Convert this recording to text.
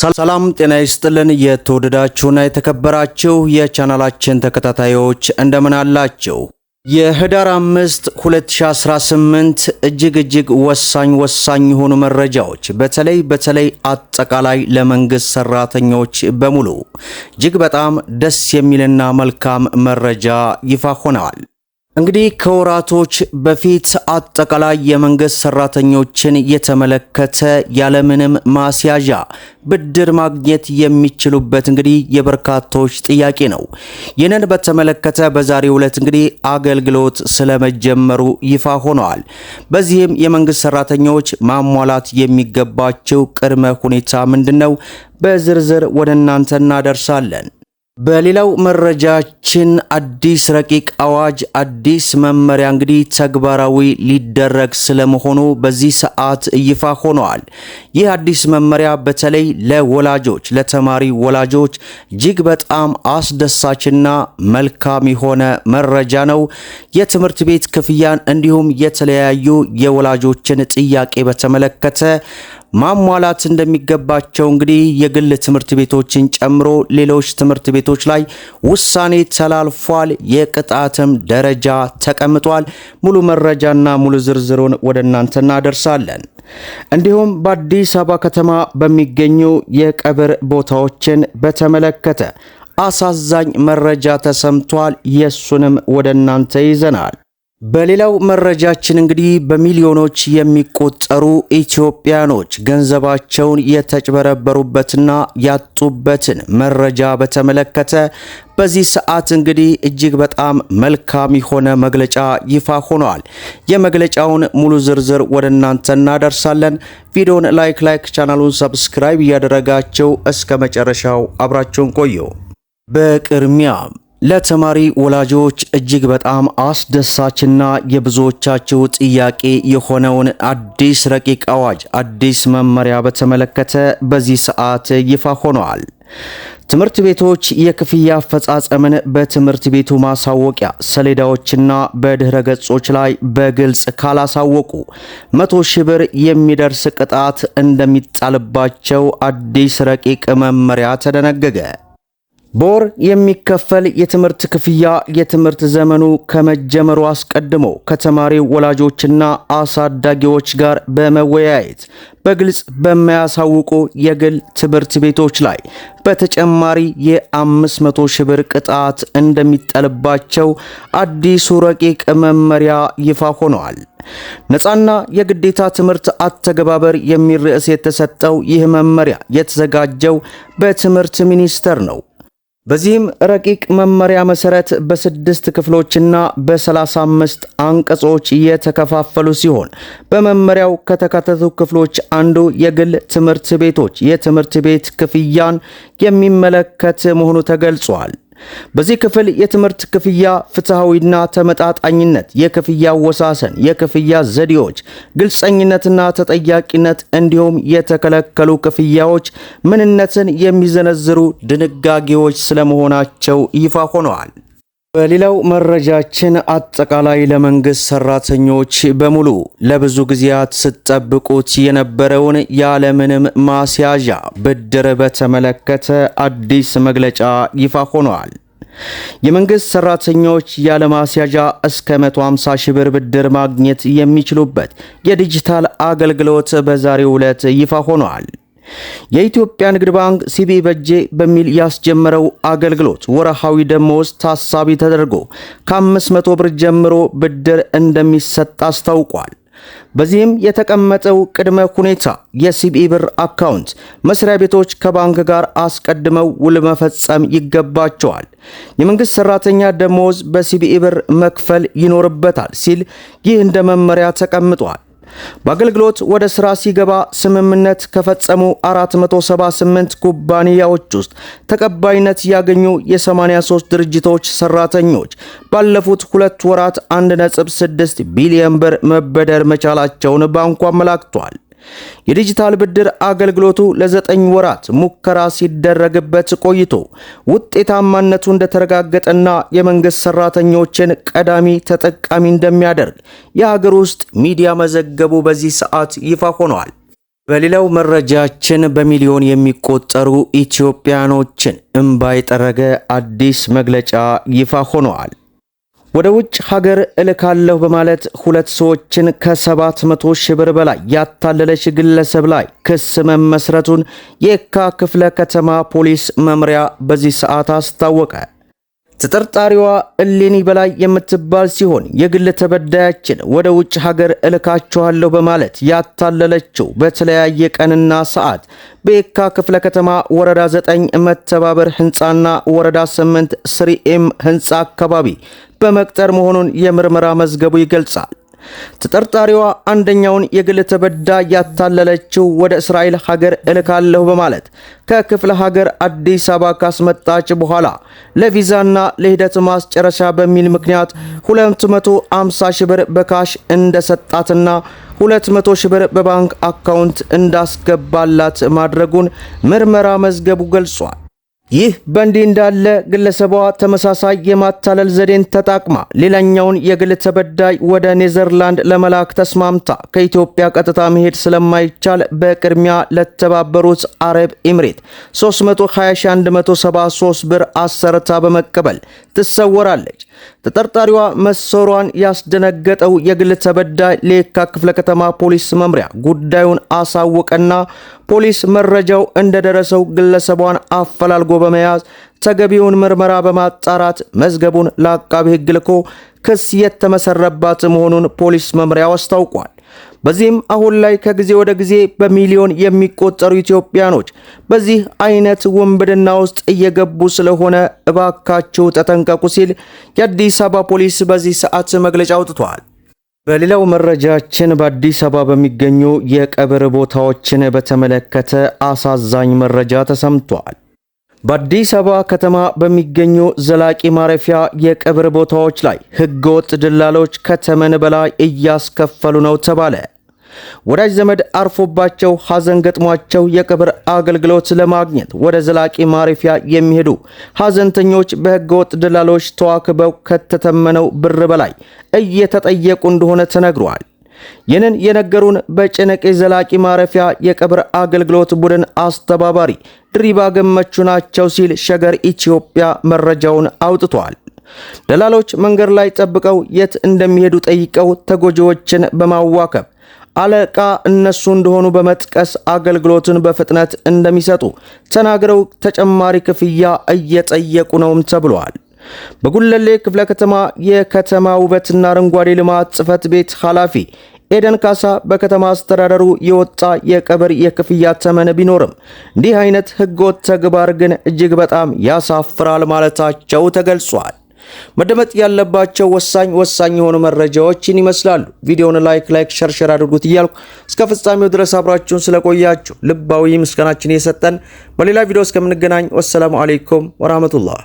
ሰላም ጤና ይስጥልን። የተወደዳችሁና የተከበራችሁ የቻናላችን ተከታታዮች እንደምን አላችሁ? የህዳር 5 2018 እጅግ እጅግ ወሳኝ ወሳኝ የሆኑ መረጃዎች በተለይ በተለይ አጠቃላይ ለመንግስት ሰራተኞች በሙሉ እጅግ በጣም ደስ የሚልና መልካም መረጃ ይፋ ሆነዋል። እንግዲህ ከወራቶች በፊት አጠቃላይ የመንግስት ሰራተኞችን የተመለከተ ያለምንም ማስያዣ ብድር ማግኘት የሚችሉበት እንግዲህ የበርካቶች ጥያቄ ነው። ይህንን በተመለከተ በዛሬው ዕለት እንግዲህ አገልግሎት ስለመጀመሩ ይፋ ሆነዋል። በዚህም የመንግስት ሰራተኞች ማሟላት የሚገባቸው ቅድመ ሁኔታ ምንድን ነው? በዝርዝር ወደ እናንተ እናደርሳለን። በሌላው መረጃችን አዲስ ረቂቅ አዋጅ አዲስ መመሪያ እንግዲህ ተግባራዊ ሊደረግ ስለመሆኑ በዚህ ሰዓት ይፋ ሆነዋል። ይህ አዲስ መመሪያ በተለይ ለወላጆች ለተማሪ ወላጆች እጅግ በጣም አስደሳችና መልካም የሆነ መረጃ ነው። የትምህርት ቤት ክፍያን እንዲሁም የተለያዩ የወላጆችን ጥያቄ በተመለከተ ማሟላት እንደሚገባቸው እንግዲህ የግል ትምህርት ቤቶችን ጨምሮ ሌሎች ትምህርት ቤቶች ላይ ውሳኔ ተላልፏል። የቅጣትም ደረጃ ተቀምጧል። ሙሉ መረጃና ሙሉ ዝርዝሩን ወደ እናንተ እናደርሳለን። እንዲሁም በአዲስ አበባ ከተማ በሚገኙ የቀብር ቦታዎችን በተመለከተ አሳዛኝ መረጃ ተሰምቷል። የሱንም ወደ እናንተ ይዘናል። በሌላው መረጃችን እንግዲህ በሚሊዮኖች የሚቆጠሩ ኢትዮጵያኖች ገንዘባቸውን የተጭበረበሩበትና ያጡበትን መረጃ በተመለከተ በዚህ ሰዓት እንግዲህ እጅግ በጣም መልካም የሆነ መግለጫ ይፋ ሆኗል። የመግለጫውን ሙሉ ዝርዝር ወደ እናንተ እናደርሳለን። ቪዲዮን ላይክ ላይክ ቻናሉን ሰብስክራይብ እያደረጋቸው እስከ መጨረሻው አብራቸውን ቆየው በቅድሚያም ለተማሪ ወላጆች እጅግ በጣም አስደሳችና የብዙዎቻቸው ጥያቄ የሆነውን አዲስ ረቂቅ አዋጅ አዲስ መመሪያ በተመለከተ በዚህ ሰዓት ይፋ ሆኗል። ትምህርት ቤቶች የክፍያ አፈጻጸምን በትምህርት ቤቱ ማሳወቂያ ሰሌዳዎችና በድኅረ ገጾች ላይ በግልጽ ካላሳወቁ መቶ ሺህ ብር የሚደርስ ቅጣት እንደሚጣልባቸው አዲስ ረቂቅ መመሪያ ተደነገገ። በወር የሚከፈል የትምህርት ክፍያ የትምህርት ዘመኑ ከመጀመሩ አስቀድሞ ከተማሪው ወላጆችና አሳዳጊዎች ጋር በመወያየት በግልጽ በማያሳውቁ የግል ትምህርት ቤቶች ላይ በተጨማሪ የ500 ሺህ ብር ቅጣት እንደሚጠልባቸው አዲሱ ረቂቅ መመሪያ ይፋ ሆነዋል። ነፃና የግዴታ ትምህርት አተገባበር የሚል ርዕስ የተሰጠው ይህ መመሪያ የተዘጋጀው በትምህርት ሚኒስቴር ነው። በዚህም ረቂቅ መመሪያ መሰረት በስድስት ክፍሎችና በ35 አንቀጾች የተከፋፈሉ ሲሆን በመመሪያው ከተካተቱ ክፍሎች አንዱ የግል ትምህርት ቤቶች የትምህርት ቤት ክፍያን የሚመለከት መሆኑ ተገልጿል። በዚህ ክፍል የትምህርት ክፍያ ፍትሐዊና ተመጣጣኝነት፣ የክፍያ አወሳሰን፣ የክፍያ ዘዴዎች፣ ግልጸኝነትና ተጠያቂነት እንዲሁም የተከለከሉ ክፍያዎች ምንነትን የሚዘነዝሩ ድንጋጌዎች ስለመሆናቸው ይፋ ሆነዋል። በሌላው መረጃችን አጠቃላይ ለመንግስት ሰራተኞች በሙሉ ለብዙ ጊዜያት ስትጠብቁት የነበረውን ያለምንም ማስያዣ ብድር በተመለከተ አዲስ መግለጫ ይፋ ሆኗል። የመንግስት ሰራተኞች ያለ ማስያዣ እስከ 150 ሺህ ብር ብድር ማግኘት የሚችሉበት የዲጂታል አገልግሎት በዛሬው ዕለት ይፋ ሆኗል። የኢትዮጵያ ንግድ ባንክ ሲቢኢ በጄ በሚል ያስጀመረው አገልግሎት ደሞ ደሞዝ ታሳቢ ተደርጎ ከ500 ብር ጀምሮ ብድር እንደሚሰጥ አስታውቋል። በዚህም የተቀመጠው ቅድመ ሁኔታ የሲቢኢ ብር አካውንት መስሪያ ቤቶች ከባንክ ጋር አስቀድመው ውል መፈጸም ይገባቸዋል። የመንግሥት ሠራተኛ ደሞዝ በሲቢኢ ብር መክፈል ይኖርበታል ሲል ይህ እንደ መመሪያ ተቀምጧል። በአገልግሎት ወደ ስራ ሲገባ ስምምነት ከፈጸሙ 478 ኩባንያዎች ውስጥ ተቀባይነት ያገኙ የ83 ድርጅቶች ሰራተኞች ባለፉት ሁለት ወራት 1.6 ቢሊዮን ብር መበደር መቻላቸውን ባንኩ አመላክቷል። የዲጂታል ብድር አገልግሎቱ ለዘጠኝ ወራት ሙከራ ሲደረግበት ቆይቶ ውጤታማነቱ እንደተረጋገጠና የመንግሥት ሠራተኞችን ቀዳሚ ተጠቃሚ እንደሚያደርግ የሀገር ውስጥ ሚዲያ መዘገቡ በዚህ ሰዓት ይፋ ሆኗል። በሌላው መረጃችን በሚሊዮን የሚቆጠሩ ኢትዮጵያኖችን እምባ የጠረገ አዲስ መግለጫ ይፋ ሆኗል። ወደ ውጭ ሀገር እልካለሁ በማለት ሁለት ሰዎችን ከ700 ሺህ ብር በላይ ያታለለች ግለሰብ ላይ ክስ መመስረቱን የካ ክፍለ ከተማ ፖሊስ መምሪያ በዚህ ሰዓት አስታወቀ። ተጠርጣሪዋ እሌኒ በላይ የምትባል ሲሆን የግል ተበዳያችን ወደ ውጭ ሀገር እልካችኋለሁ በማለት ያታለለችው በተለያየ ቀንና ሰዓት በየካ ክፍለ ከተማ ወረዳ 9 መተባበር ህንፃና ወረዳ 8 ስሪኤም ህንፃ አካባቢ በመቅጠር መሆኑን የምርመራ መዝገቡ ይገልጻል። ተጠርጣሪዋ አንደኛውን የግል ተበዳ ያታለለችው ወደ እስራኤል ሀገር እልካለሁ በማለት ከክፍለ ሀገር አዲስ አበባ ካስመጣች በኋላ ለቪዛና ለሂደት ማስጨረሻ በሚል ምክንያት 250 ሺህ ብር በካሽ እንደሰጣትና 200 ሺህ ብር በባንክ አካውንት እንዳስገባላት ማድረጉን ምርመራ መዝገቡ ገልጿል። ይህ በእንዲህ እንዳለ ግለሰቧ ተመሳሳይ የማታለል ዘዴን ተጠቅማ ሌላኛውን የግል ተበዳይ ወደ ኔዘርላንድ ለመላክ ተስማምታ ከኢትዮጵያ ቀጥታ መሄድ ስለማይቻል በቅድሚያ ለተባበሩት አረብ ኤምሬት 320173 ብር አሰርታ በመቀበል ትሰወራለች። ተጠርጣሪዋ መሰሯን ያስደነገጠው የግል ተበዳይ ሌካ ክፍለ ከተማ ፖሊስ መምሪያ ጉዳዩን አሳወቀና ፖሊስ መረጃው እንደደረሰው ግለሰቧን አፈላልጎ በመያዝ ተገቢውን ምርመራ በማጣራት መዝገቡን ለአቃቢ ሕግ ልኮ ክስ የተመሰረባት መሆኑን ፖሊስ መምሪያው አስታውቋል። በዚህም አሁን ላይ ከጊዜ ወደ ጊዜ በሚሊዮን የሚቆጠሩ ኢትዮጵያኖች በዚህ አይነት ውንብድና ውስጥ እየገቡ ስለሆነ እባካችሁ ተጠንቀቁ ሲል የአዲስ አበባ ፖሊስ በዚህ ሰዓት መግለጫ አውጥቷል። በሌላው መረጃችን በአዲስ አበባ በሚገኙ የቀብር ቦታዎችን በተመለከተ አሳዛኝ መረጃ ተሰምቷል። በአዲስ አበባ ከተማ በሚገኙ ዘላቂ ማረፊያ የቀብር ቦታዎች ላይ ህገወጥ ደላሎች ከተመን በላይ እያስከፈሉ ነው ተባለ። ወዳጅ ዘመድ አርፎባቸው ሐዘን ገጥሟቸው የቀብር አገልግሎት ለማግኘት ወደ ዘላቂ ማረፊያ የሚሄዱ ሐዘንተኞች በህገወጥ ደላሎች ተዋክበው ከተተመነው ብር በላይ እየተጠየቁ እንደሆነ ተነግሯል። ይህንን የነገሩን በጭነቄ ዘላቂ ማረፊያ የቀብር አገልግሎት ቡድን አስተባባሪ ድሪባ ገመቹ ናቸው ሲል ሸገር ኢትዮጵያ መረጃውን አውጥቷል። ደላሎች መንገድ ላይ ጠብቀው የት እንደሚሄዱ ጠይቀው ተጎጂዎችን በማዋከብ አለቃ እነሱ እንደሆኑ በመጥቀስ አገልግሎትን በፍጥነት እንደሚሰጡ ተናግረው ተጨማሪ ክፍያ እየጠየቁ ነውም ተብሏል። በጉለሌ ክፍለ ከተማ የከተማ ውበትና አረንጓዴ ልማት ጽህፈት ቤት ኃላፊ ኤደን ካሳ በከተማ አስተዳደሩ የወጣ የቀብር የክፍያ ተመን ቢኖርም እንዲህ አይነት ሕገወጥ ተግባር ግን እጅግ በጣም ያሳፍራል ማለታቸው ተገልጿል። መደመጥ ያለባቸው ወሳኝ ወሳኝ የሆኑ መረጃዎችን ይመስላሉ። ቪዲዮውን ላይክ ላይክ ሸርሸር አድርጉት እያልኩ እስከ ፍጻሜው ድረስ አብራችሁን ስለቆያችሁ ልባዊ ምስጋናችን የሰጠን በሌላ ቪዲዮ እስከምንገናኝ ወሰላሙ አሌይኩም ወራህመቱላህ